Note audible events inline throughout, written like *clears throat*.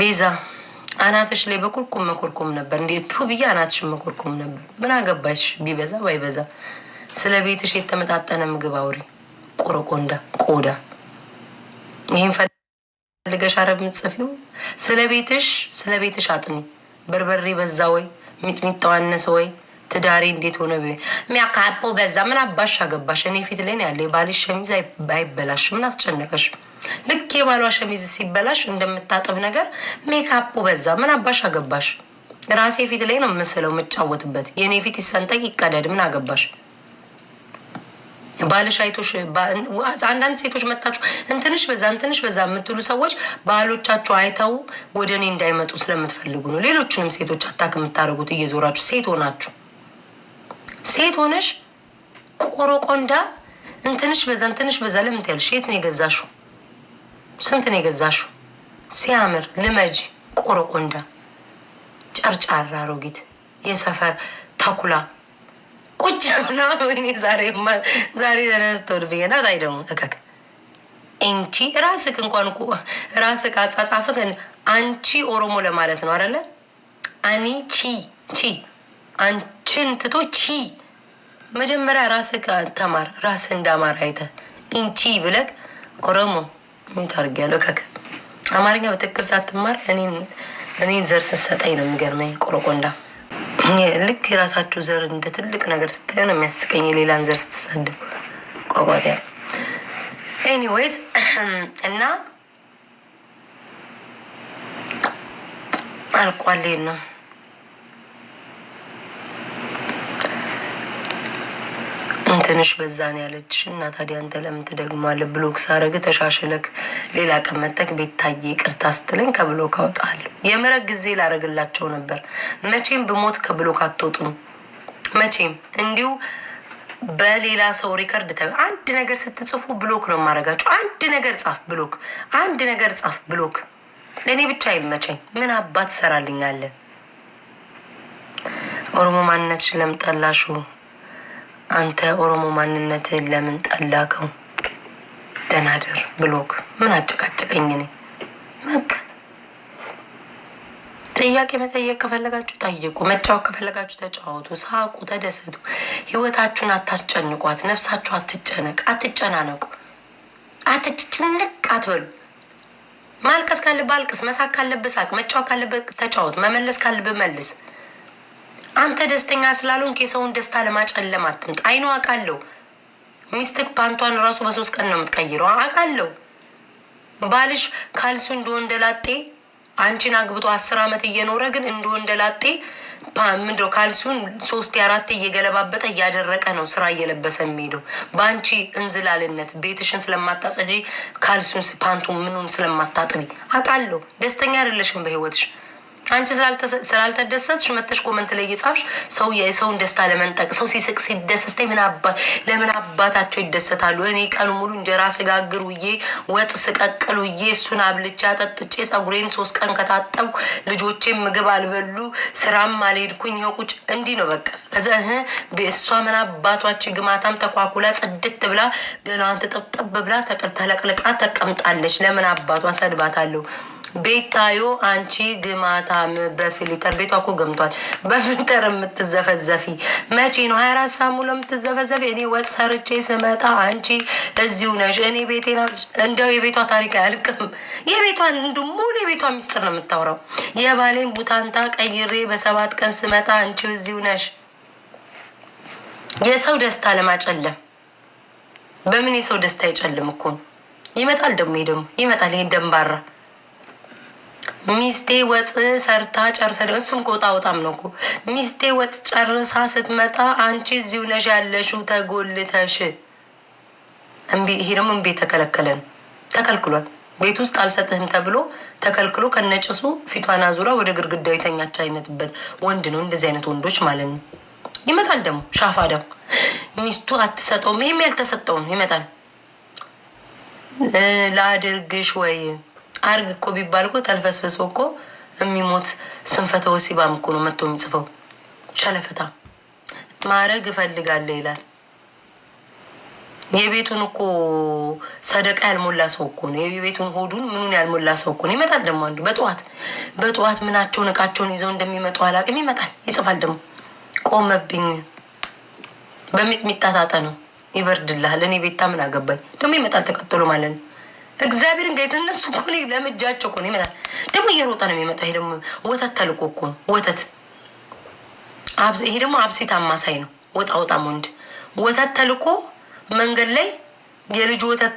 ቤዛ አናትሽ ላይ በኩርኩም መኩርኩም ነበር እንዴ? እንዴቱ ብዬ አናትሽን መኩርኩም ነበር። ምን አገባሽ ቢበዛ ባይበዛ። ስለ ቤትሽ የተመጣጠነ ምግብ አውሪ። ቆረቆንዳ ቆዳ ይህን ፈልገሽ አረብ ምጽፊው። ስለ ቤትሽ ስለ ቤትሽ አጥኒ። በርበሬ በዛ ወይ ሚጥሚጣ አነሰ ወይ ትዳሬ እንዴት ሆነ ሚያካፖ በዛ ምን አባሽ አገባሽ? እኔ ፊት ላይ ያለ የባልሽ ሸሚዝ አይበላሽ፣ ምን አስጨነቀሽ? ልክ የባሏ ሸሚዝ ሲበላሽ እንደምታጥብ ነገር ሜካፖ በዛ ምን አባሽ አገባሽ? ራሴ ፊት ላይ ነው የምስለው የምጫወትበት። የእኔ ፊት ይሰንጠቅ ይቀደድ፣ ምን አገባሽ? ባልሽ አይቶሽ አንዳንድ ሴቶች መታችሁ እንትንሽ በዛ እንትንሽ በዛ የምትሉ ሰዎች ባሎቻችሁ አይተው ወደ እኔ እንዳይመጡ ስለምትፈልጉ ነው። ሌሎችንም ሴቶች አታክ የምታደርጉት እየዞራችሁ ሴት ሆናችሁ ሴት ሆነሽ ቆሮቆንዳ እንትንሽ በዛ እንትንሽ በዛ ለምን ትያለሽ? የት ነው የገዛሽው? ስንት ነው የገዛሽው? ሲያምር ልመጅ ቆሮቆንዳ፣ ጨርጫር አሮጊት፣ የሰፈር ተኩላ ቁጭ ብላ ወይኔ ዛሬ ዛሬ ተነስተውድ ብዬና ታይ ደግሞ እከክ እንቺ ራስክ እንኳን ራስክ አጻጻፍክ አንቺ ኦሮሞ ለማለት ነው አደለ? አኒ ቺ ቺ ችን ትቶ ቺ መጀመሪያ ራስ ተማር። ራስ እንዳማር አይተ ኢንቺ ብለህ ኦሮሞ ምን ታርጊያለሁ ከክ አማርኛ በትክክል ሳትማር እኔን ዘር ስትሰጠኝ ነው የሚገርመኝ። ቆረቆንዳ ልክ የራሳችሁ ዘር እንደ ትልቅ ነገር ስታዩ ነው የሚያስቀኝ፣ የሌላን ዘር ስትሳደብ ቆረቆት ያ ኤኒዌይዝ *clears throat* እና አልቋሌን ነው እንትንሽ በዛን ያለች እና ታዲያ አንተ ለምን ትደግማለህ? ብሎክ ሳረግ ተሻሽለክ ሌላ ቀን መጠቅ ቤታዬ ይቅርታ ስትለኝ ከብሎክ አወጣለሁ። የምህረት ጊዜ ላረግላቸው ነበር። መቼም ብሞት ከብሎክ አትወጡም። መቼም እንዲሁ በሌላ ሰው ሪከርድ ተ አንድ ነገር ስትጽፉ ብሎክ ነው የማደርጋቸው። አንድ ነገር ጻፍ ብሎክ፣ አንድ ነገር ጻፍ ብሎክ። ለእኔ ብቻ ይመቸኝ። ምን አባት ትሰራልኛለህ? ኦሮሞ ማንነትሽን ለምን አንተ ኦሮሞ ማንነትህን ለምን ጠላከው? ደናደር ብሎክ ምን አጨቃጨቀኝ? እኔ በቃ ጥያቄ መጠየቅ ከፈለጋችሁ ጠይቁ፣ መጫወት ከፈለጋችሁ ተጫወቱ፣ ሳቁ፣ ተደሰቱ። ህይወታችሁን አታስጨንቋት፣ ነፍሳችሁ አትጨነቅ፣ አትጨናነቁ፣ አትጭንቅ አትበሉ። ማልቀስ ካለብህ አልቅስ፣ መሳቅ ካለብህ ሳቅ፣ መጫወት ካለብህ ተጫወት፣ መመለስ ካለብህ መልስ። አንተ ደስተኛ ስላልሆንክ የሰውን ደስታ ለማጨለም አትምጥ። አይኖ አውቃለሁ። ሚስትክ ፓንቷን ራሱ በሶስት ቀን ነው የምትቀይረው። አውቃለሁ። ባልሽ ካልሱ እንደ ወንደላጤ አንቺን አግብቶ አስር ዓመት እየኖረ ግን እንደ ወንደላጤ ምንድነው ካልሱን ሶስት የአራት እየገለባበጠ እያደረቀ ነው ስራ እየለበሰ የሚሄደው በአንቺ እንዝላልነት ቤትሽን ስለማታጸጂ ካልሱን፣ ፓንቱን፣ ምኑን ስለማታጥቢ አውቃለሁ። ደስተኛ አይደለሽም በህይወትሽ። አንቺ ስላልተደሰትሽ መተሽ ኮመንት ላይ እየጻፍሽ ሰው የሰውን ደስታ ለመንጠቅ ሰው ሲስቅ ሲደሰስታ ለምን አባታቸው ይደሰታሉ? እኔ ቀኑ ሙሉ እንጀራ ስጋግር ውዬ ወጥ ስቀቅል ውዬ እሱን አብልቻ አጠጥቼ ጸጉሬን ሶስት ቀን ከታጠብኩ ልጆቼ ምግብ አልበሉ ስራም አልሄድኩኝ ይኸው ቁጭ እንዲህ ነው በቃ። ከዛ እሷ ምን አባቷች ግማታም ተኳኩላ ጽድት ብላ ገናዋን ተጠብጠብ ብላ ተለቅልቃ ተቀምጣለች። ለምን አባቷ ሰድባታለሁ? ቤታዮ አንቺ ግማታም በፊልተር ቤቷ እኮ ገምቷል። በፊልተር የምትዘፈዘፊ መቼ ነው? ሀያ አራት ሳሙ ለምትዘፈዘፊ እኔ ወጥ ሰርቼ ስመጣ አንቺ እዚሁ ነሽ። እኔ ቤቴና እንደው የቤቷ ታሪክ አያልቅም። የቤቷን እንዱ ሙሉ የቤቷ ሚስጥር ነው የምታውረው። የባሌን ቡታንታ ቀይሬ በሰባት ቀን ስመጣ አንቺ እዚሁ ነሽ። የሰው ደስታ ለማጨለም በምን የሰው ደስታ አይጨልም እኮ ይመጣል። ደሞ ይሄ ደግሞ ይመጣል። ይሄ ደንባራ ሚስቴ ወጥ ሰርታ ጨርሰ እሱም ቆጣ ወጣም ነው እኮ ሚስቴ ወጥ ጨርሳ ስትመጣ አንቺ እዚሁ ነሽ ያለሽው ተጎልተሽ። ይሄ ደግሞ እምቢ ተከለከለ ነው ተከልክሏል። ቤት ውስጥ አልሰጥህም ተብሎ ተከልክሎ ከነጭሱ ፊቷን አዙራ ወደ ግድግዳው የተኛች አይነትበት ወንድ ነው። እንደዚህ አይነት ወንዶች ማለት ነው። ይመጣል ደግሞ ሻፋ ደግሞ ሚስቱ አትሰጠውም። ይህም ያልተሰጠውም ይመጣል። ላድርግሽ ወይ አርግ እኮ ቢባል እኮ ተልፈስፍሶ እኮ የሚሞት ስንፈተ ወሲባም እኮ ነው መጥቶ የሚጽፈው። ሸለፈታ ማድረግ እፈልጋለሁ ይላል። የቤቱን እኮ ሰደቃ ያልሞላ ሰው እኮ ነው። የቤቱን ሆዱን ምኑን ያልሞላ ሰው እኮ ነው። ይመጣል ደግሞ አንዱ በጠዋት በጠዋት ምናቸውን እቃቸውን ይዘው እንደሚመጡ አላቅም። ይመጣል ይጽፋል ደግሞ ቆመብኝ በሚጥሚጣ ታጠ ነው ይበርድልሃል። እኔ ቤታ ምን አገባኝ ደግሞ ይመጣል ተቀጥሎ ማለት ነው። እግዚአብሔርን ጋይዝ እነሱ እኮ ለምጃቸው እኮ ነው ይመጣል። ደግሞ እየሮጠ ነው የሚመጣው። ይሄ ደግሞ ወተት ተልቆ እኮ ነው ወተት። ይሄ ደግሞ አብሴት አማሳይ ነው። ወጣ ወጣም ወንድ ወተት ተልቆ መንገድ ላይ የልጁ ወተት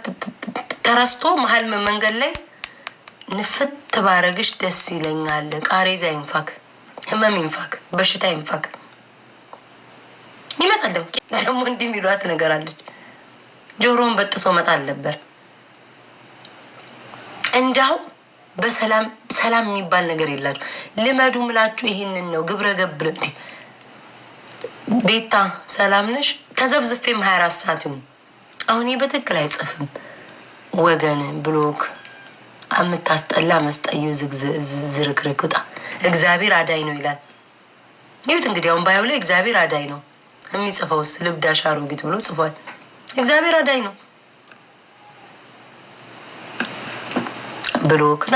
ተረስቶ መሀል መንገድ ላይ ንፍት ትባረግሽ ደስ ይለኛል። ቃሬዛ ይንፋክ፣ ህመም ይንፋክ፣ በሽታ ይንፋክ። ይመጣለሁ ደግሞ ደግሞ እንዲህ የሚሏት ነገር አለች። ጆሮውን በጥሶ መጣል ነበር እንዲያው በሰላም ሰላም የሚባል ነገር የላችሁ። ልመዱ ምላችሁ ይህንን ነው። ግብረ ገብር እንዲ ቤታ ሰላም ነሽ? ተዘብዝፌም ሀያ አራት ሰዓት ይሁን አሁን ይህ በትክክል አይጽፍም ወገን ብሎክ የምታስጠላ መስጠዩ ዝርክርክ ውጣ። እግዚአብሔር አዳይ ነው ይላል። ይሁት እንግዲህ አሁን ባየው ላይ እግዚአብሔር አዳይ ነው የሚጽፈውስ ልብዳሻ አሮጊት ብሎ ጽፏል። እግዚአብሔር አዳይ ነው። ብሎክና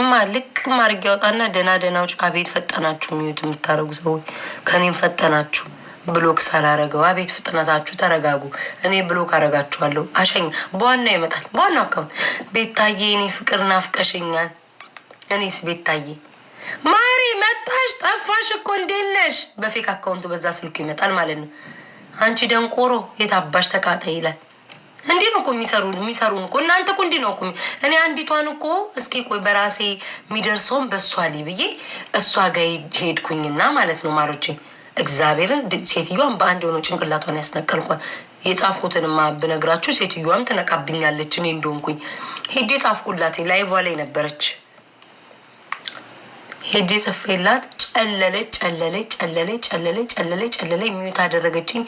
እማ ልክ ያወጣና ያውጣና ደህና ደህናዎች አቤት ፈጠናችሁ ሚዩት የምታደርጉ ሰዎች ከኔም ፈጠናችሁ ብሎክ ሳላረገው አቤት ፍጥነታችሁ ተረጋጉ እኔ ብሎክ አረጋችኋለሁ አሸኝ በዋና ይመጣል በዋና አካውንት ቤታዬ እኔ ፍቅር ናፍቀሽኛል እኔስ ቤታዬ ማሪ መጣሽ ጠፋሽ እኮ እንዴት ነሽ በፌክ አካውንቱ በዛ ስልኩ ይመጣል ማለት ነው አንቺ ደንቆሮ የታባሽ ተቃጠ ይላል እንዲህ ነው እኮ የሚሰሩ የሚሰሩን እኮ እናንተ እኮ እንዲህ ነው እኮ። እኔ አንዲቷን እኮ እስኪ ቆይ በራሴ የሚደርሰውን በእሷ ላይ ብዬ እሷ ጋር ሄድኩኝና ማለት ነው ማሮቼ እግዚአብሔርን ሴትዮዋን በአንድ የሆነው ጭንቅላቷን ያስነቀልኳት። የጻፍኩትንማ ብነግራችሁ ሴትዮዋም ትነቃብኛለች። እኔ እንደሆንኩኝ ሄጄ ጻፍኩላት። ላይቫ ላይ ነበረች። ሄጄ ጽፌላት ጨለለች፣ ጨለለች፣ ጨለለች፣ ጨለለች፣ ጨለለች፣ ጨለለች። ሚዩት አደረገችኝ።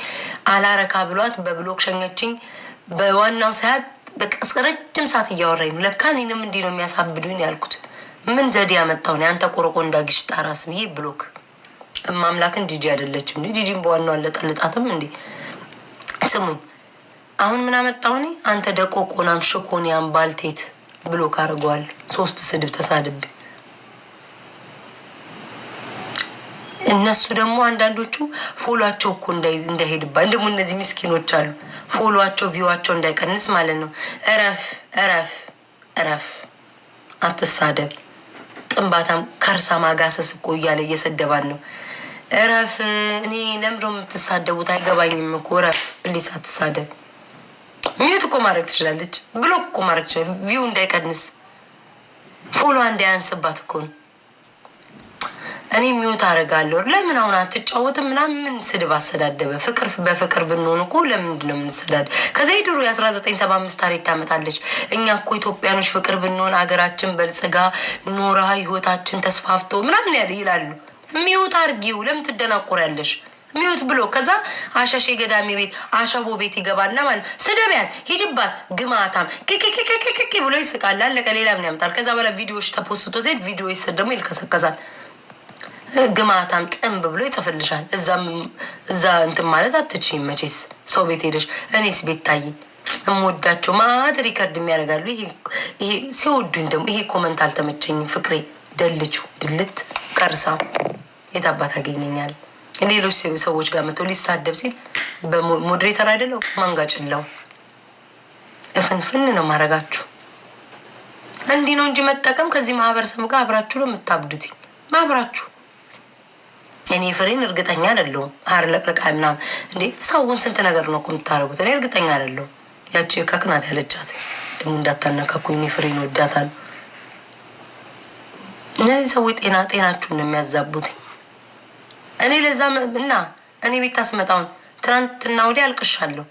አላረካ ብሏት በብሎክ ሸኘችኝ። በዋናው ሰዓት በቃ ረጅም ሰዓት እያወራኝ ነው። ለካ እኔንም እንዲህ ነው የሚያሳብዱኝ ያልኩት። ምን ዘዴ ያመጣው ነው? አንተ ቆረቆ እንዳግሽ ጣራ ስብዬ ብሎክ ማምላክን ጂጂ አይደለችም እንዲ ጂጂን በዋናው አለጠልጣትም እንዲ ስሙኝ። አሁን ምን አመጣው እኔ? አንተ ደቆቆናም ሽኮንያም ባልቴት ብሎክ አድርገዋል። ሶስት ስድብ ተሳድቤ እነሱ ደግሞ አንዳንዶቹ ፎሏቸው እኮ እንዳይሄድባ ደግሞ እነዚህ ምስኪኖች አሉ። ፎሏቸው ቪዋቸው እንዳይቀንስ ማለት ነው። እረፍ እረፍ እረፍ፣ አትሳደብ። ጥንባታም ከርሳ ማጋሰስ እኮ እያለ እየሰደባን ነው። እረፍ። እኔ ለምዶ የምትሳደቡት አይገባኝም እኮ እረፍ። ፕሊስ አትሳደብ። ሚዩት እኮ ማድረግ ትችላለች። ብሎክ እኮ ማድረግ ትችላለች። ቪው እንዳይቀንስ ፎሎ እንዳያንስባት እኮ ነው። እኔ ሚውት አደርጋለሁ። ለምን አሁን አትጫወትም ምናምን? ምን ስድብ አሰዳደበ? ፍቅር በፍቅር ብንሆን እኮ ለምንድን ነው የምንሰዳድ? ከዚ ድሮ የአስራ ዘጠኝ ሰባ አምስት ታሪክ ታመጣለች። እኛ እኮ ኢትዮጵያኖች ፍቅር ብንሆን አገራችን በልጽጋ ኖራ ህይወታችን ተስፋፍቶ ምናምን ይላሉ። ሚውት አርጊው፣ ለምን ትደናቆሪያለሽ? ሚውት ብሎ ከዛ አሻሼ ገዳሚ ቤት አሸቦ ቤት ይገባና ማለት ስደቢያት ሂጅባት ግማታም ክክክክክክ ብሎ ይስቃል። አለቀ። ሌላ ምን ያምጣል? ከዛ በኋላ ቪዲዮዎች ተፖስቶ ሴት ቪዲዮ ይሰድ ደግሞ ይልከሰከሳል። ግማታም ጥንብ ብሎ ይጽፍልሻል። እዛ እንትን ማለት አትችይም መቼስ ሰው ቤት ሄደሽ። እኔስ ቤት ታይ የምወዳቸው ማት ሪከርድ የሚያደርጋሉ። ይሄ ሲወዱኝ ደግሞ ይሄ ኮመንት አልተመቸኝም። ፍቅሬ ደልቹ ድልት ቀርሳ የት አባት አገኘኛል። ሌሎች ሰዎች ጋር መተው ሊሳደብ ሲል በሞድሬተር አይደለው ማንጋ ጭላው እፍንፍን ነው ማድረጋችሁ። እንዲህ ነው እንጂ መጠቀም ከዚህ ማህበረሰብ ጋር አብራችሁ ነው የምታብዱት ማብራችሁ የኔ ፍሬን እርግጠኛ አይደለሁም። ሀር ለቅለቃ ምናምን እንዴ ሰውን ስንት ነገር ነው እኮ የምታደርጉት። እኔ እርግጠኛ አይደለሁም። ያቺ ከክናት ያለቻት ደግሞ እንዳታነካኩኝ እኔ ፍሬን ወዳታል። እነዚህ ሰዎች ጤና ጤናችሁን ነው የሚያዛቡት። እኔ ለዛ እና እኔ ቤት ታስመጣውን ትናንትና ወዲያ አልቅሻለሁ።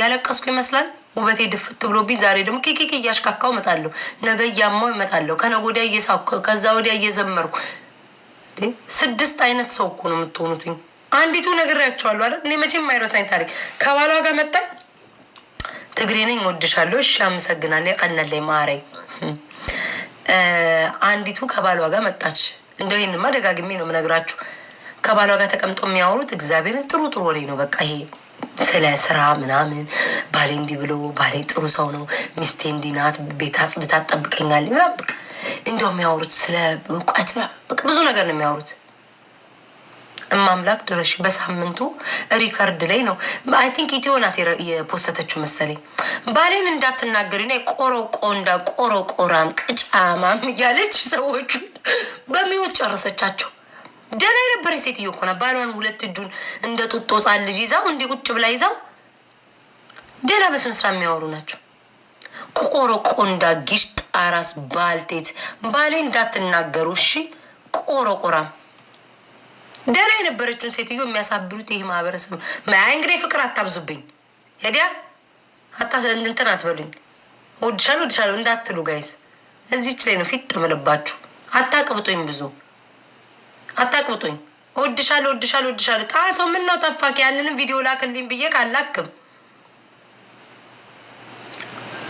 ያለቀስኩ ይመስላል ውበቴ ድፍት ብሎብኝ፣ ዛሬ ደግሞ ኬኬኬ እያሽካካው እመጣለሁ። ነገ እያማው እመጣለሁ። ከነገ ወዲያ እየሳኩ ከዛ ወዲያ እየዘመርኩ ስድስት አይነት ሰው እኮ ነው የምትሆኑትኝ። አንዲቱ ነግሬያቸዋለሁ አይደል? እኔ መቼም የማይረሳኝ ታሪክ ከባሏ ጋር መጣ። ትግሬ ነኝ ወድሻለሁ፣ እሺ አመሰግናለሁ። የቀነለይ ማረኝ። አንዲቱ ከባሏ ጋር መጣች። እንደው ይህንማ ደጋግሜ ነው የምነግራችሁ። ከባሏ ጋር ተቀምጦ የሚያወሩት እግዚአብሔርን ጥሩ ጥሩ ወሬ ነው። በቃ ይሄ ስለ ስራ ምናምን ባሌ እንዲህ ብሎ ባሌ ጥሩ ሰው ነው፣ ሚስቴ እንዲህ ናት፣ ቤት አጽድታ ትጠብቀኛለች ምናምን ብቅ እንዲያው የሚያወሩት ስለ እውቀት ብቅ ብዙ ነገር ነው የሚያወሩት። እማምላክ ድረሽ በሳምንቱ ሪከርድ ላይ ነው አይ ቲንክ ኢትዮ ናት የፖሰተችው መሰለኝ። ባሌን እንዳትናገሪ ና ቆሮ ቆንዳ ቆሮ ቅጫማም እያለች ሰዎቹ በሚወት ጨረሰቻቸው። ደህና የነበረ ሴትዮ እኮ ናት። ባሏን ሁለት እጁን እንደ ጡጦ ሳን ልጅ ይዛው እንዲህ ቁጭ ብላ ይዛው ደህና በስነ ስራ የሚያወሩ ናቸው። ቆሮ ቆንዳ ጊሽ ጣራስ ባልቴት ባሌ እንዳትናገሩ እሺ። ቆሮ ቆራም ደህና የነበረችውን ሴትዮ የሚያሳብሉት ይህ ማህበረሰብ ነው። እንግዲህ ፍቅር አታብዙብኝ። ሄዲያ አታ እንትን አትበሉኝ። ወድሻለሁ ወድሻለሁ እንዳትሉ ጋይስ፣ እዚች ላይ ነው ፊት ጥምልባችሁ። አታቅብጡኝ ብዙ አታቅብጡኝ። ወድሻል ወድሻል ወድሻል ጣሶ ምን ነው ጠፋክ? ያንንም ቪዲዮ ላክልኝ ብዬ ካላክም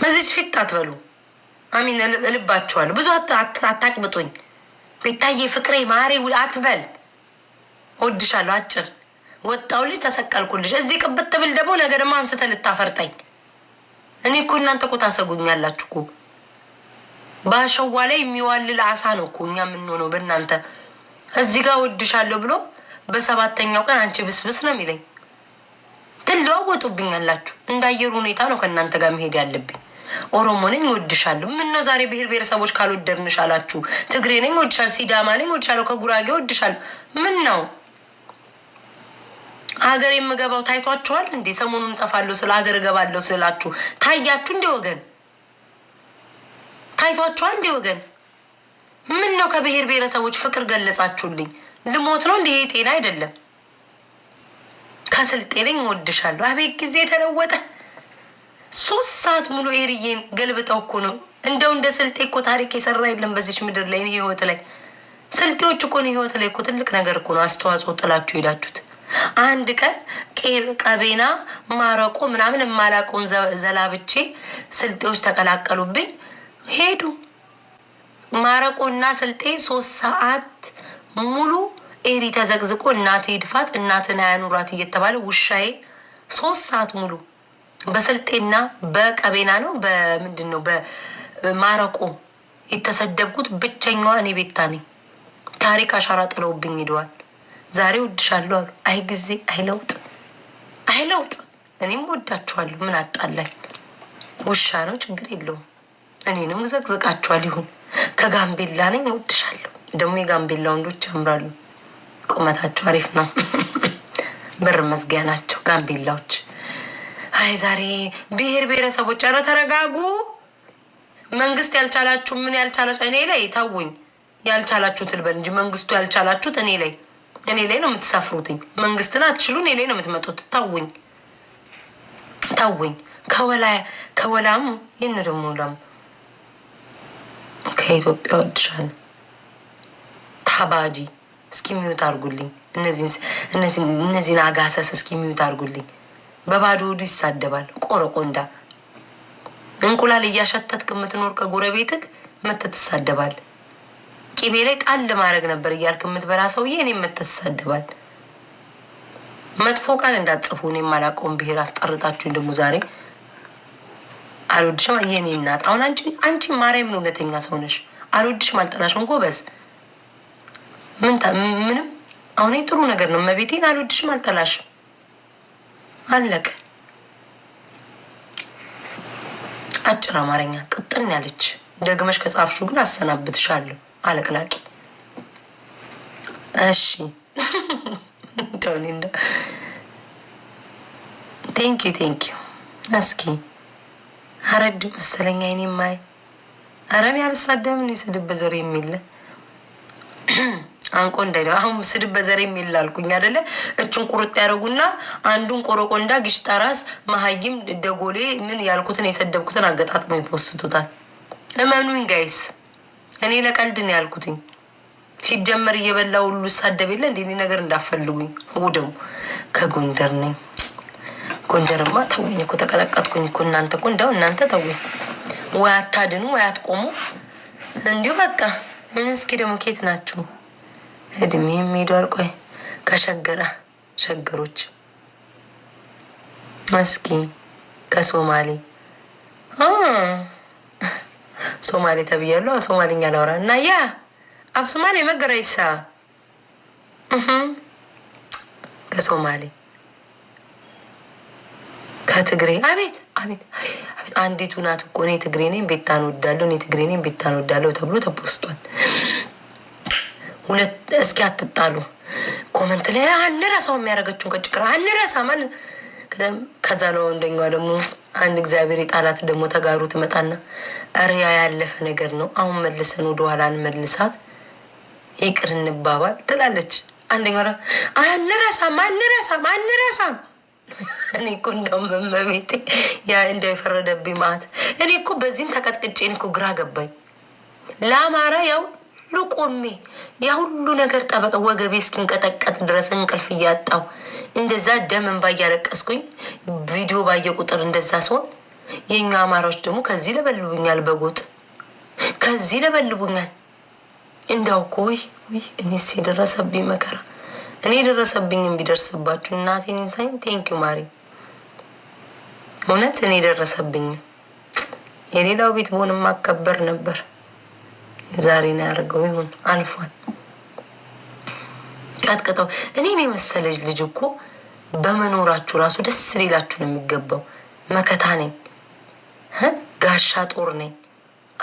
መዚች ፊት አትበሉ። አሚን እልባችኋለሁ። ብዙ አታቅብጡኝ። ቤታዬ ፍቅሬ ማሬ አትበል። ወድሻለሁ አጭር ወጣው ልጅ ተሰቀልኩልሽ። እዚህ ቅብት ብል ደግሞ ነገርማ ደግሞ አንስተ ልታፈርጠኝ። እኔ እኮ እናንተ እኮ ታሰጉኛላችሁ እኮ። በአሸዋ ላይ የሚዋልል አሳ ነው እኮ እኛ የምንሆነው በእናንተ እዚህ ጋር ወድሻለሁ ብሎ በሰባተኛው ቀን አንቺ ብስብስ ነው የሚለኝ። ትለዋወጡብኝ አላችሁ። እንዳየሩ ሁኔታ ነው ከእናንተ ጋር መሄድ ያለብኝ። ኦሮሞ ነኝ ወድሻለሁ። ምነው ዛሬ ብሔር ብሔረሰቦች ካልወደድንሽ አላችሁ? ትግሬ ነኝ ወድሻለሁ፣ ሲዳማ ነኝ ወድሻለሁ፣ ከጉራጌ ወድሻለሁ። ምን ነው ሀገር የምገባው ታይቷችኋል እንዴ? ሰሞኑን እጠፋለሁ ስለ ሀገር እገባለሁ ስላችሁ ታያችሁ እንዴ? ወገን ታይቷችኋል እንዴ? ወገን ምን ነው ከብሔር ብሔረሰቦች ፍቅር ገለጻችሁልኝ? ልሞት ነው እንዲህ ጤና አይደለም። ከስልጤ ነኝ ወድሻለሁ። አቤት ጊዜ ተለወጠ። ሶስት ሰዓት ሙሉ ኤርዬን ገልብጠው እኮ ነው። እንደው እንደ ስልጤ እኮ ታሪክ የሰራ የለም በዚች ምድር ላይ ህይወት ላይ ስልጤዎች እኮ ነው ህይወት ላይ እኮ ትልቅ ነገር እኮ ነው አስተዋጽኦ ጥላችሁ ሄዳችሁት። አንድ ቀን ቀቤና ማረቆ ምናምን የማላቀውን ዘላብቼ ስልጤዎች ተቀላቀሉብኝ ሄዱ። ማረቆና ስልጤ ሶስት ሰዓት ሙሉ ኤሪ ተዘቅዝቆ እናት ይድፋት እናትን አያኑራት እየተባለ ውሻዬ ሶስት ሰዓት ሙሉ በስልጤና በቀቤና ነው በምንድን ነው በማረቆ የተሰደብኩት ብቸኛዋ እኔ ቤታ ነኝ። ታሪክ አሻራ ጥለውብኝ ሄደዋል። ዛሬ ወድሻለሁ አሉ። አይ ጊዜ አይ ለውጥ እኔም ወዳችኋለሁ። ምን አጣላኝ? ውሻ ነው ችግር የለውም። እኔንም ዘቅዝቃችኋል ይሁን ከጋምቤላ ነኝ፣ እወድሻለሁ። ደግሞ የጋምቤላ ወንዶች ያምራሉ። ቁመታቸው አሪፍ ነው። በር *laughs* መዝጊያ ናቸው ጋምቤላዎች። አይ ዛሬ ብሔር ብሔረሰቦች፣ ኧረ ተረጋጉ። መንግስት ያልቻላችሁ ምን ያልቻላችሁ እኔ ላይ ታውኝ ያልቻላችሁ ትልበል እንጂ መንግስቱ ያልቻላችሁት እኔ ላይ እኔ ላይ ነው የምትሳፍሩትኝ። መንግስትን አትችሉ፣ እኔ ላይ ነው የምትመጡት። ታውኝ ታውኝ ከወላ ከወላም ይህን ደግሞ ለም ከኢትዮጵያ ወድሻለሁ። ታባጂ እስኪ ሚዩት አርጉልኝ። እነዚህን አጋሰስ እስኪ ሚዩት አርጉልኝ። በባዶ ሆዱ ይሳደባል። ቆረቆንዳ እንቁላል እያሸተትክ የምትኖር ከጎረቤትክ መተት ይሳደባል። ቂቤ ላይ ጣል ለማድረግ ነበር እያልክ የምትበላ ሰውዬ እኔ መተት ይሳደባል። መጥፎ ቃል እንዳትጽፉ። እኔ የማላውቀውን ብሔር አስጠርታችሁኝ ደግሞ ዛሬ አልወድሽም። የኔ እናት አሁን አንቺ አንቺ ማርያምን እውነተኛ ሰው ነሽ። አልወድሽም፣ አልጠላሽም። ጎበዝ ምን ምንም አሁን ጥሩ ነገር ነው። መቤቴን አልወድሽም፣ አልጠላሽም። አለቀ። አጭር አማርኛ ቅጥን ያለች ደግመሽ ከጻፍሹ ግን አሰናብትሻለሁ። አለቅላቂ እሺ ቶኒ ቴንኪዩ ቴንኪዩ እስኪ አረድ መሰለኝ አይኔ ማይ አረን ያልሳደም ነው ስድብ በዘር የሚል አንቆ እንዳይ አሁን ስድብ በዘር የሚል አልኩኝ አደለ? እችን ቁርጥ ያደረጉና አንዱን ቆረቆንዳ ግሽጣ ራስ መሀይም ደጎሌ ምን ያልኩትን የሰደብኩትን አገጣጥሞ ይፖስቱታል። እመኑኝ ጋይስ፣ እኔ ለቀልድ ነው ያልኩትኝ። ሲጀመር እየበላ ሁሉ ሳደብ የለ እንዲህ ነገር እንዳፈልጉኝ። ደግሞ ከጎንደር ነኝ። እኮ እንጀርማ ተውኝ እኮ ተቀጠቀጥኩኝ እኮ እናንተ እኮ እንዲያው እናንተ ተውኝ። ወይ አታድኑ ወይ አትቆሙ እንዲሁ በቃ ምን። እስኪ ደግሞ ኬት ናችሁ? እድሜም ሄዷል። ቆይ ከሸገረ ሸገሮች እስኪ ከሶማሌ ሶማሌ ተብያለሁ። ሶማሌኛ ላውራ እና ያ አብ ሶማሌ መገረይሳ ከሶማሌ ከትግሬ አቤት አቤት አቤት አንዲቱ ናት እኮ እኔ ትግሬ ነኝ ቤታን ወዳለሁ እኔ ትግሬ ነኝ ቤታን ወዳለሁ ተብሎ ተፖስቷል። ሁለት እስኪ አትጣሉ ኮመንት ላይ አንረሳው የሚያደርገችውን ከጭቅራ አንረሳ ማለት ከዛ ነው። እንደኛዋ ደግሞ አንድ እግዚአብሔር የጣላት ደግሞ ተጋሩ ትመጣና ሪያ ያለፈ ነገር ነው። አሁን መልሰን ወደኋላ እንመልሳት ይቅር እንባባል ትላለች። አንደኛ አንረሳም አንረሳም አንረሳም እኔ እኮ እንደውም እመቤቴ ያ እንደው የፈረደብኝ መዓት እኔ እኮ በዚህም ተቀጥቅጬ እኔ እኮ ግራ ገባኝ። ለአማራ ያው ልቆሜ ያ ሁሉ ነገር ጠበቀ ወገቤ እስኪንቀጠቀጥ ድረስ እንቅልፍ እያጣው እንደዛ ደምን እንባ እያለቀስኩኝ ቪዲዮ ባየ ቁጥር እንደዛ ሲሆን የኛ አማራዎች ደግሞ ከዚህ ለበልቡኛል፣ በጎጥ ከዚህ ለበልቡኛል። እንዳው እኮ ውይ ውይ እኔስ የደረሰብኝ መከራ እኔ የደረሰብኝም ቢደርስባችሁ እናቴን ሳይን ቴንኪዩ ማሪ እውነት እኔ ደረሰብኝ። የሌላው ቤት መሆን ማከበር ነበር። ዛሬ ነው ያደርገው። ይሁን አልፏል። ቀጥቅጠው እኔን የመሰለች ልጅ እኮ በመኖራችሁ ራሱ ደስ ሌላችሁ ነው የሚገባው። መከታ ነኝ፣ ጋሻ ጦር ነኝ።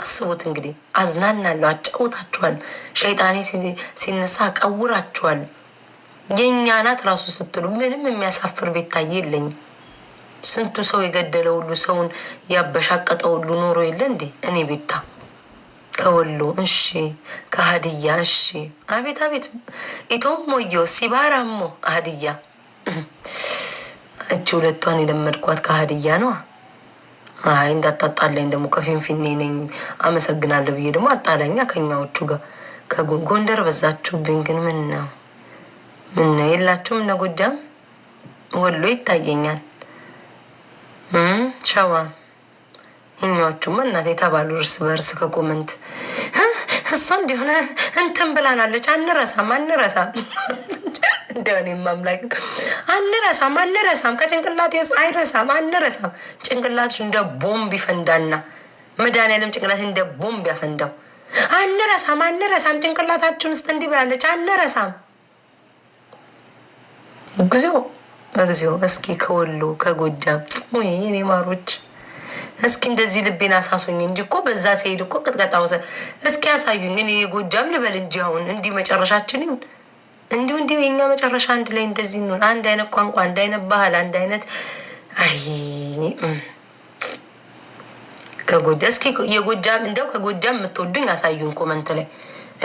አስቡት እንግዲህ አዝናናለሁ፣ አጫውታችኋለሁ፣ ሸይጣኔ ሲነሳ አቀውራችኋለሁ። የእኛ ናት ራሱ ስትሉ ምንም የሚያሳፍር ቤታዬ የለኝም። ስንቱ ሰው የገደለ ሁሉ ሰውን ያበሻቀጠ ሁሉ ኖሮ የለ እንዴ? እኔ ቤታ ከወሎ እሺ፣ ከሀዲያ እሺ። አቤት አቤት፣ ኢቶም ሞዮ ሲባራሞ ሀዲያ እጅ ሁለቷን የለመድኳት ከሀዲያ ነዋ። አይ እንዳታጣለኝ ደግሞ ከፊንፊኔ ነኝ አመሰግናለሁ ብዬ ደግሞ አጣለኛ ከኛዎቹ ጋር ከጎንደር በዛችሁብኝ። ግን ምን ነው ምን ነው የላችሁም? እነ ጎጃም ወሎ ይታየኛል። ሸዋ እኛዎቹማ እናት የተባሉ እርስ በእርስ ከኮመንት እሷ እንዲሆነ እንትን ብላናለች። አንረሳም አንረሳም እንዲሆነ የማምላክ አንረሳም አንረሳም ከጭንቅላት ውስጥ አይረሳም አንረሳም። ጭንቅላትሽ እንደ ቦምብ ይፈንዳና መድኃኒዓለም ጭንቅላት እንደ ቦምብ ያፈንዳው። አንረሳም አንረሳም ጭንቅላታችን ውስጥ እንዲህ ብላለች። አንረሳም ጊዜው እግዚኦ እስኪ ከወሎ ከጎጃም ወይ እኔ ማሮች እስኪ እንደዚህ ልቤን አሳሱኝ እንጂ እኮ በዛ ሲሄድ እኮ ቅጥቀጣ ውሰ እስኪ ያሳዩኝ። እኔ የጎጃም ልበል እንጂ አሁን እንዲህ መጨረሻችን ይሁን እንዲሁ እንዲሁ የኛ መጨረሻ አንድ ላይ እንደዚህ እንሆን፣ አንድ አይነት ቋንቋ፣ አንድ አይነት ባህል፣ አንድ አይነት አይ ከጎጃ እስኪ የጎጃም እንደው ከጎጃም የምትወዱኝ አሳዩኝ ኮመንት ላይ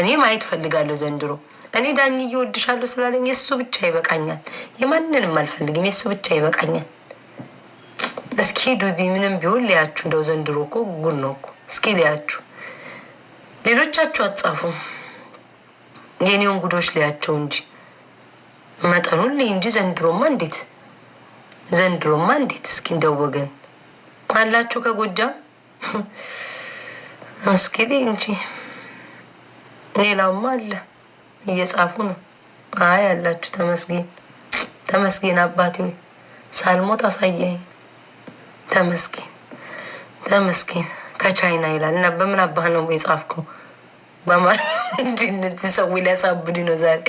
እኔ ማየት ፈልጋለሁ ዘንድሮ። እኔ ዳኝ እየወድሻለሁ ስላለኝ የእሱ ብቻ ይበቃኛል። የማንንም አልፈልግም። የእሱ ብቻ ይበቃኛል። እስኪ ዱቢ ምንም ቢሆን ሊያችሁ እንደው ዘንድሮ እኮ ጉድ ነው እኮ እስኪ ሊያችሁ ሌሎቻችሁ አትጻፉም። የኔውን ጉዶች ሊያቸው እንጂ መጠኑን ልይ እንጂ ዘንድሮማ እንዴት ዘንድሮማ እንዴት እስኪ እንደው ወገን አላችሁ ከጎጃም እስኪ እንጂ ሌላውማ አለ። እየጻፉ ነው። አይ ያላችሁ ተመስገን ተመስገን፣ አባቴ ሳልሞት አሳየኝ። ተመስገን ተመስገን ከቻይና ይላል እና በምን አባህ ነው የጻፍከው? በማለት *laughs* ሰው ሊያሳብድ ነው ዛሬ።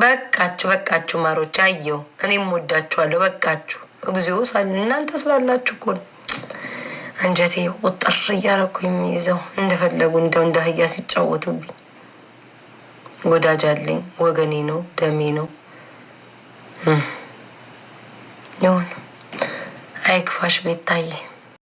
በቃችሁ በቃችሁ ማሮች፣ አየው እኔም ወዳችኋለሁ። በቃችሁ እግዚኦ እናንተ ስላላችሁ እኮ አንጀቴ ቁጥር እያረኩ የሚይዘው እንደፈለጉ እንደው እንደ አህያ ሲጫወቱብኝ ወዳጅ አለኝ፣ ወገኔ ነው፣ ደሜ ነው። ይሁን አይክፋሽ ቤታዬ።